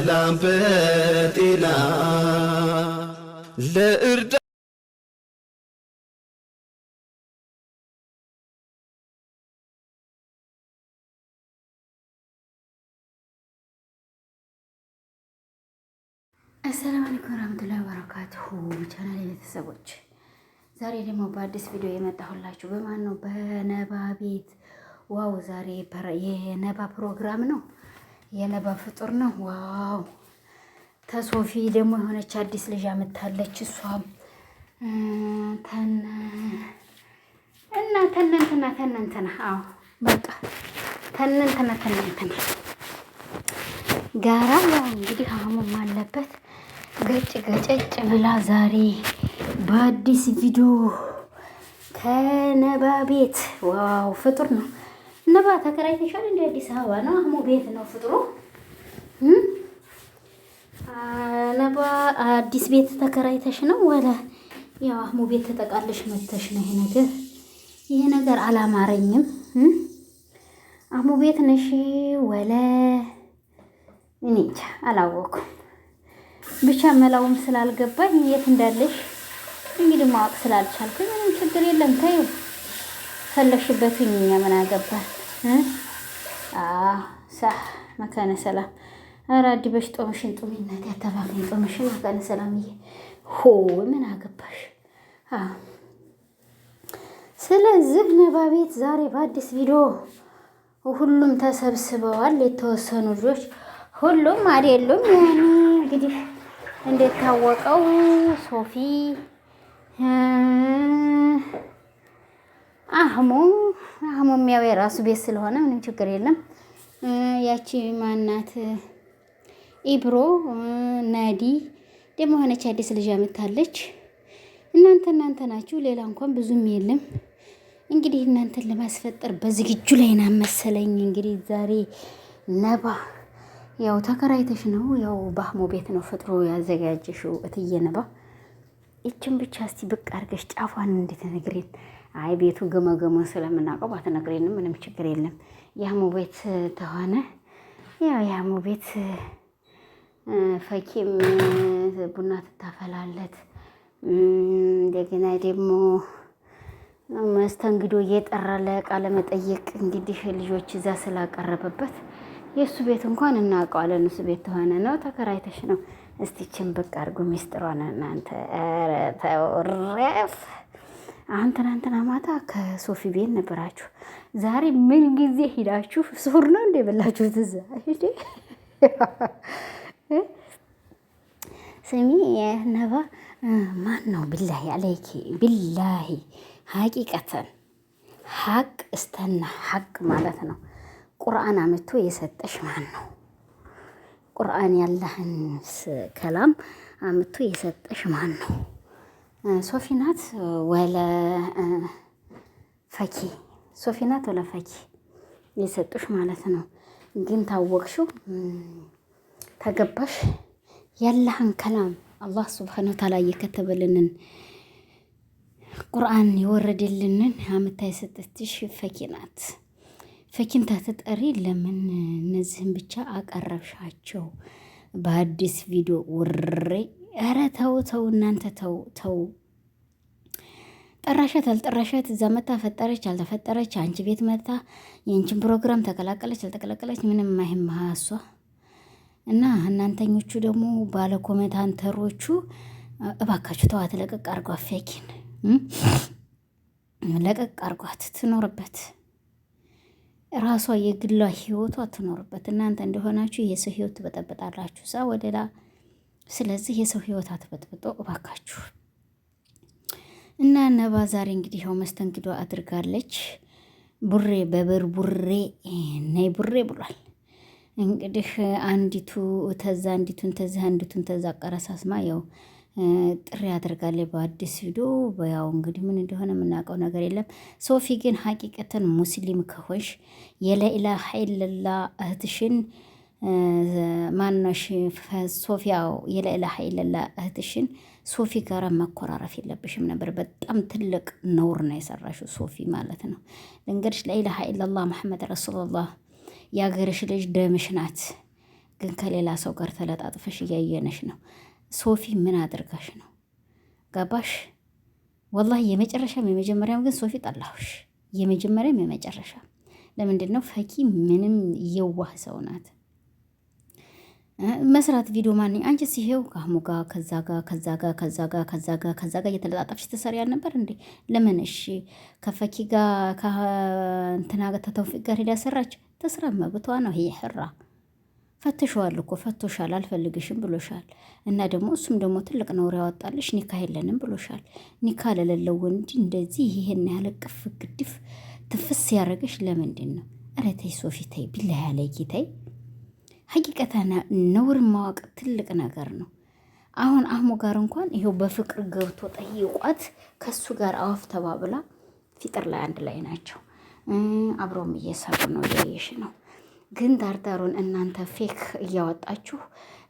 በሰላም በጤና ለእርዳ አሰላም አለይኩም ወራህመቱላሂ ወበረካቱሁ ቻናል ቤተሰቦች፣ ዛሬ ደግሞ በአዲስ ቪዲዮ የመጣሁላችሁ በማን ነው? በነባ ቤት ዋው! ዛሬ የነባ ፕሮግራም ነው። የነባ ፍጡር ነው። ዋው ተሶፊ ደግሞ የሆነች አዲስ ልጅ አመታለች እሷም እና ተነንትና ተነንትና አዎ በቃ ተነንትና ተነንትና ጋራ ያው እንግዲህ አህሙም አለበት ገጭ ገጨጭ ብላ ዛሬ በአዲስ ቪዲዮ ከነባ ቤት ዋው ፍጡር ነው። ነባ ተከራይተሻል? እንደ አዲስ አበባ ነው። አህሙ ቤት ነው ፍጥሮ ነባ አዲስ ቤት ተከራይተሽ ነው ወለ ያው አህሙ ቤት ተጠቃለሽ መተሽ ነው? ይሄ ነገር ይሄ ነገር አላማረኝም። አህሙ ቤት ነሽ ወለ እኔ እንጃ አላወኩም። ብቻ መላውም ስላልገባኝ የት እንዳለሽ እንግዲህ ማወቅ ስላልቻልኩኝ ምንም ችግር የለም። ተይው ፈለሽበትኝ ምን አገባን። ሳህ መካነ ሰላም ኧረ አዲበሽ ጦምሽን ጡሚ እናቴ ጦምሽን መካነ ሰላምዬ ሆ ምን አገባሽ? ስለዚህ ነባ ቤት ዛሬ በአዲስ ቪዲዮ ሁሉም ተሰብስበዋል። የተወሰኑ ልጆች ሁሉም አይደሉም። ያኔ እንግዲህ እንደታወቀው ሶፊ አህሙ አህሙ ያው የራሱ ቤት ስለሆነ ምንም ችግር የለም። ያቺ ማናት ኢብሮ ናዲ ደግሞ ሆነች አዲስ ልጅ አመታለች። እናንተ እናንተ ናችሁ፣ ሌላ እንኳን ብዙም የለም። እንግዲህ እናንተን ለማስፈጠር በዝግጁ ላይ ና መሰለኝ። እንግዲህ ዛሬ ነባ ያው ተከራይተሽ ነው ያው በአህሙ ቤት ነው ፈጥሮ ያዘጋጀሽው እትዬ ነባ። ይችን ብቻ እስቲ ብቅ አድርገሽ ጫፏን እንዴት ነግሬን አይ ቤቱ ገመገሙን ስለምናውቀው ባትነግሪንም ምንም ችግር የለም። ያሙ ቤት ተሆነ ያው ያሙ ቤት ፈኪም ቡና ትታፈላለት። እንደገና ደግሞ መስተንግዶ እየጠራ ለቃለ መጠየቅ እንግዲህ ልጆች እዛ ስላቀረበበት የእሱ ቤት እንኳን እናውቀዋለን። እሱ ቤት ተሆነ ነው ተከራይተሽ ነው። እስቲችን ብቅ አድርጎ ሚስጥሯን እናንተ ረተውረፍ አሁን ትናንትና ማታ ከሶፊ ቤት ነበራችሁ። ዛሬ ምን ጊዜ ሂዳችሁ ሱር ነው እንደ በላችሁት? ትዛ ስሚ ነባ ማን ነው? ብላሂ አለይኪ ብላሂ ሀቂቀተን ሀቅ እስተና ሀቅ ማለት ነው። ቁርአን አምቶ የሰጠሽ ማን ነው? ቁርአን ያላህን ከላም አምቶ የሰጠሽ ማን ነው? ሶፊናት ወለ ፈኪ ሶፊናት ወለ ፈኪ የሰጡሽ ማለት ነው። ግን ታወቅሽው ተገባሽ ያለህን ከላም አላህ ስብሓን ታላ እየከተበልንን ቁርአን የወረደልንን አምታ የሰጠትሽ ፈኪ ናት። ፈኪን ታትጠሪ ለምን እነዚህን ብቻ አቀረብሻቸው? በአዲስ ቪዲዮ ውሬ ኧረ ተው ተው እናንተ ተው ተው። ጠራሻት አልጠራሻት፣ እዛ መታ ፈጠረች አልተፈጠረች፣ አንቺ ቤት መታ የአንቺን ፕሮግራም ተቀላቀለች አልተቀላቀለች፣ ምንም አይምሃ እሷ እና እናንተኞቹ ደግሞ ባለኮመንታንተሮቹ እባካችሁ ተዋት፣ ለቀቅ አርጓት፣ ፌኪን ለቀቅ አርጓት፣ ትኖርበት ራሷ የግሏ ህይወቷ ትኖርበት። እናንተ እንደሆናችሁ የሰው ህይወት ትበጠበጣላችሁ። ሳ ወደላ ስለዚህ የሰው ህይወት አትበጥብጦ እባካችሁ። እና ነባ ዛሬ እንግዲህ ያው መስተንግዶ አድርጋለች። ቡሬ በብር ቡሬ ነይ ቡሬ ብሏል። እንግዲህ አንዲቱ ተዛ አንዲቱን ተዛ አንዲቱን ተዛ አቀረሳስማ ያው ጥሪ አድርጋለች በአዲስ ሂዶ በያው እንግዲህ ምን እንደሆነ የምናውቀው ነገር የለም። ሶፊ ግን ሀቂቀትን ሙስሊም ከሆንሽ የላኢላሀ ኢለላህ እህትሽን ማነሽ ሶፊያው የለኢላሀ ኢለላ እህትሽን ሶፊ ጋር መኮራረፍ የለብሽም ነበር። በጣም ትልቅ ነውር ነው የሰራሽው ሶፊ ማለት ነው። እንግዲህ ለኢላሀ ኢለላ መሐመድ ረሱሉላህ የአገርሽ ልጅ ደምሽ ናት፣ ግን ከሌላ ሰው ጋር ተለጣጥፈሽ እያየነሽ ነው። ሶፊ ምን አድርጋሽ ነው ገባሽ? ወላሂ የመጨረሻም የመጀመሪያም ግን ሶፊ ጠላሁሽ። የመጀመሪያም የመጨረሻ ለምንድን ነው? ፈኪ ምንም የዋህ ሰው ናት። መስራት ቪዲዮ ማንኝ አንቺ ሲሄው ከአህሙ ጋር ከዛ ጋ ከዛ ጋ ከዛ ጋ ከዛ ጋ ከዛ ጋ እየተለጣጠፍሽ ትሰሪ ነበር እንዴ? ለምን እሺ፣ ከፈኪ ጋ ከእንትና ጋ ተተውፊቅ ጋር ሄዳ ሰራች። ተስራ መብቷ ነው። ይሄ ሕራ ፈትሸዋል እኮ ፈቶሻል፣ አልፈልግሽም ብሎሻል። እና ደግሞ እሱም ደግሞ ትልቅ ነውር ያወጣልሽ ኒካ የለንም ብሎሻል። ኒካ ለሌለው ወንድ እንደዚህ ይሄን ያህል ቅፍ ግድፍ ትፍስ ያደረገሽ ለምንድን ነው? ኧረ ተይ ሶፊ ተይ፣ ቢላ ያለ ጌታይ ሀቂቀተ ነውር ማወቅ ትልቅ ነገር ነው። አሁን አህሙ ጋር እንኳን ይሄው በፍቅር ገብቶ ጠይቋት ከሱ ጋር አዋፍ ተባብላ ፊጥር ላይ አንድ ላይ ናቸው። አብሮም እየሰሩ ነው፣ እያየሽ ነው። ግን ዳርዳሩን እናንተ ፌክ እያወጣችሁ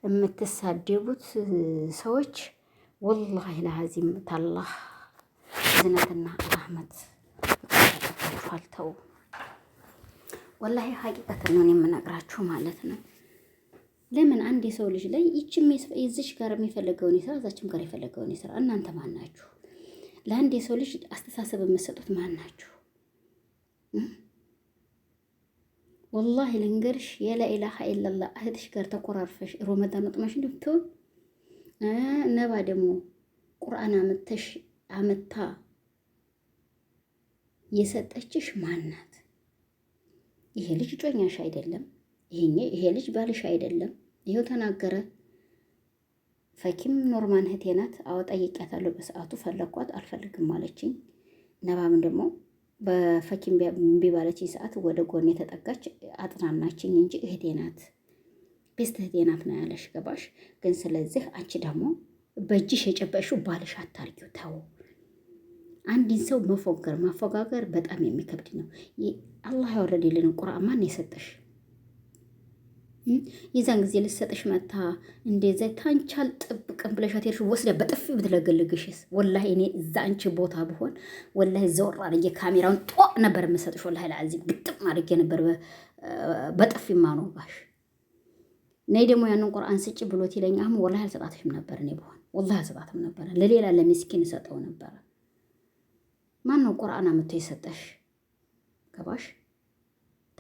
የምትሳደቡት ሰዎች ወላሂ ለሀዚም ታላህ እዝነትና ራህመት ተው፣ ወላሂ ሀቂቀትን ነው የምነግራችሁ ማለት ነው። ለምን አንድ የሰው ልጅ ላይ ይችም የዚች ጋር የሚፈለገውን የስራ እዛችም ጋር የፈለገውን የስራ እናንተ ማን ናችሁ? ለአንድ የሰው ልጅ አስተሳሰብ የምትሰጡት ማን ናችሁ? ወላሂ ልንገርሽ፣ የላኢላሀ ኢለላ እህትሽ ጋር ተቆራርፈሽ ሮመዳን ወጥመሽ እንድትሆን ነባ ደግሞ ቁርአን አመተሽ አመታ የሰጠችሽ ማናት? ይሄ ልጅ ጮኛሽ አይደለም። ይሄ ይሄ ልጅ ባልሽ አይደለም፣ ይሄው ተናገረ። ፈኪም ኖርማን እህቴ ናት። አዎ ጠይቄያታለሁ። በሰዓቱ ፈለኳት፣ አልፈልግም አለችኝ። ነባም ደግሞ በፈኪም እምቢ ባለችኝ ሰዓት ወደ ጎን የተጠጋች አጥናናችኝ እንጂ እህቴ ናት፣ ቤስት እህቴ ናት ነው ያለሽ። ገባሽ? ግን ስለዚህ አንቺ ደግሞ በእጅሽ የጨበጥሽው ባልሽ አታርጊው፣ ተው። አንድን ሰው መፎገር ማፎጋገር በጣም የሚከብድ ነው። አላህ ያወረደልን ቁርአን ማን የሰጠሽ? የዛን ጊዜ ልሰጥሽ መታ እንደዛ ታንቻል ጥብቅን ብለሻት ሄድሽ ወስደ በጥፊ ብትለገልግሽስ? ወላሂ እኔ እዛ አንቺ ቦታ ብሆን ወላሂ ዘወር አድርጌ ካሜራውን ጧ ነበር የምሰጥሽ። ወላሂ ለአዚ ግጥም አድርጌ ነበር በጥፊ ማኖባሽ። ነይ ደግሞ ያንን ቁርአን ስጭ ብሎት ይለኝ አህሙ ወላሂ አልሰጣትሽም ነበር። እኔ ብሆን ወላሂ አልሰጣትም ነበር። ለሌላ ለሚስኪን ሰጠው ነበር። ማን ነው ቁርአን አምጥቶ የሰጠሽ? ገባሽ?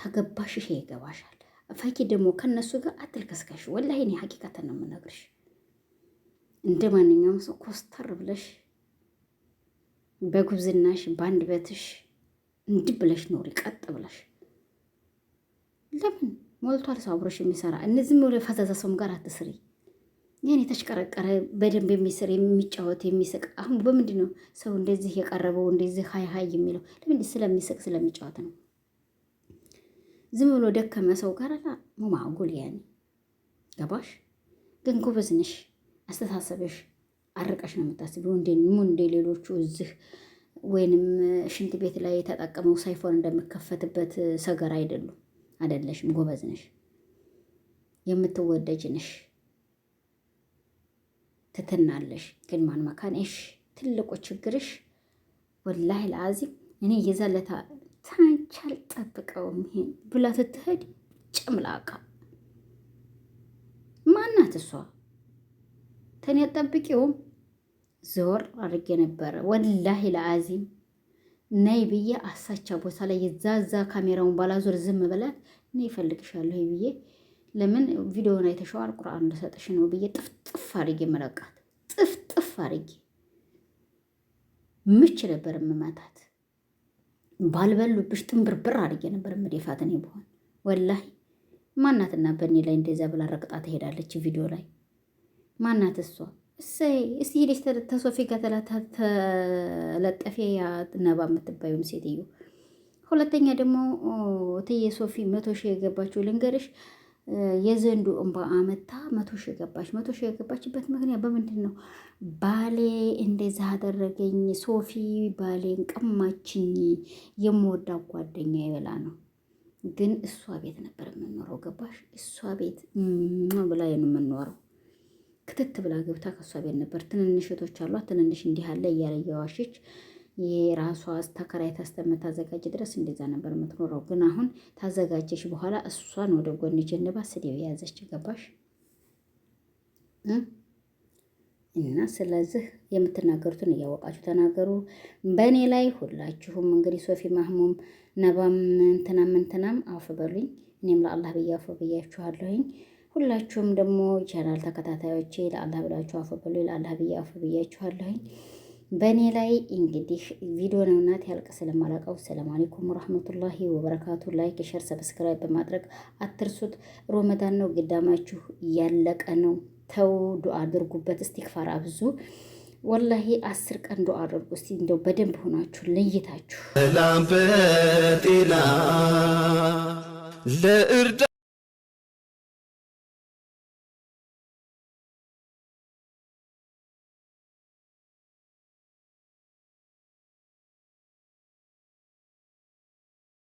ተገባሽ ይሄ ይገባሻል። ፈኪ ደግሞ ከነሱ ጋር አትልከስከሽ። ወላሂ እኔ ሀቂቃተን ነው የምነግርሽ። እንደ ማንኛውም ሰው ኮስተር ብለሽ በጉብዝናሽ በአንድ በትሽ እንድ ብለሽ ኖሪ፣ ቀጥ ብለሽ ለምን ሞልቷል ሰው አብሮሽ የሚሰራ እነዚህ ብሎ ፈዛዛ ሰውም ጋር አትስሪ። ይህን የተሽቀረቀረ በደንብ የሚስር የሚጫወት የሚስቅ አሁን በምንድን ነው ሰው እንደዚህ የቀረበው እንደዚህ ሀይ ሀይ የሚለው? ለምንድን ስለሚስቅ ስለሚጫወት ነው። ዝም ብሎ ደከመ ሰው ጋር ሙማጉል ያኒ ገባሽ። ግን ጎበዝ ነሽ፣ አስተሳሰበሽ አርቀሽ ነው የምታስቢ። ሙ እንደ ሌሎቹ እዚህ ወይንም ሽንት ቤት ላይ የተጠቀመው ሳይፎን እንደምከፈትበት ሰገር አይደሉም። አይደለሽም፣ ጎበዝ ነሽ፣ የምትወደጅ ነሽ፣ ትትናለሽ። ግን ማን መካንሽ ትልቁ ችግርሽ ወላሂ ለአዚም እኔ የዛለታ ታንቺ አልጠብቀውም ይሄን ብላ ስትሄድ ጭምላቃ ማናት እሷ? ተኔ አጠብቂውም ዞር አድርጌ ነበረ። ወላሂ ለአዚም ነይ ብዬ አሳቻ ቦታ ላይ የዛዛ ካሜራውን ባላዞር ዝም ብላት እኔ ይፈልግሻለሁ ብዬ ለምን ቪዲዮን አይተሸዋል ቁርአን እንደሰጠሽ ነው ብዬ ጥፍጥፍ አድርጌ መለቃት። ጥፍጥፍ አድርጌ ምች ነበር የምመታት። ባልበሉብሽ ጥንብርብር አድርጌ ነበር የምደፋት እኔ በሆን ወላሂ። ማናትና በእኔ ላይ እንደዛ ብላ ረግጣ ትሄዳለች። ቪዲዮ ላይ ማናት እሷ? እሰይ እስቲ ሄደች ተሶፊ ጋር ተለጠፌ ነባ የምትባዩን ሴትዮ። ሁለተኛ ደግሞ እትዬ ሶፊ መቶ ሺህ የገባችው ልንገርሽ የዘንዱ እንባ አመታ መቶ ሺህ ገባች። መቶ ሺህ የገባችበት ምክንያት በምንድን ነው? ባሌ እንደዛ አደረገኝ፣ ሶፊ ባሌን ቀማችኝ፣ የምወዳ ጓደኛ ይበላ ነው። ግን እሷ ቤት ነበር የምንኖረው፣ ገባሽ? እሷ ቤት ብላ የምንኖረው ክትት ብላ ገብታ ከእሷ ቤት ነበር። ትንንሽቶች አሏት፣ ትንንሽ እንዲህ አለ እያለ እያዋሸች የራሷ ተከራይ ታዘጋጅ ድረስ እንደዛ ነበር የምትኖረው። ግን አሁን ታዘጋጀሽ በኋላ እሷን ወደ ጎን ጀንባ ስድብ የያዘች ገባሽ እና ስለዚህ የምትናገሩትን እያወቃችሁ ተናገሩ። በእኔ ላይ ሁላችሁም እንግዲህ ሶፊ ማህሙም ነባም እንትናም እንትናም አውፍ እኔም ለአላህ ብዬ አውፍ ብያችኋለሁኝ። ሁላችሁም ደግሞ ቻናል ተከታታዮቼ ለአላህ ብላችሁ አፈበሉ ለአላህ ብዬ አውፍ ብያችኋለሁኝ። በእኔ ላይ እንግዲህ ቪዲዮ ነው እናት ያልቅ ስለማላውቀው። ሰላም አለይኩም ወራህመቱላሂ ወበረካቱ። ላይክ ሸር፣ ሰብስክራይብ በማድረግ አትርሱት። ሮመዳን ነው ግዳማችሁ ያለቀ ነው። ተው ዱአ አድርጉበት፣ እስቲክፋር አብዙ። ወላሂ አስር ቀን ዱአ አድርጉ እስቲ እንደው በደንብ ሆናችሁ ለይታችሁ ለእርዳ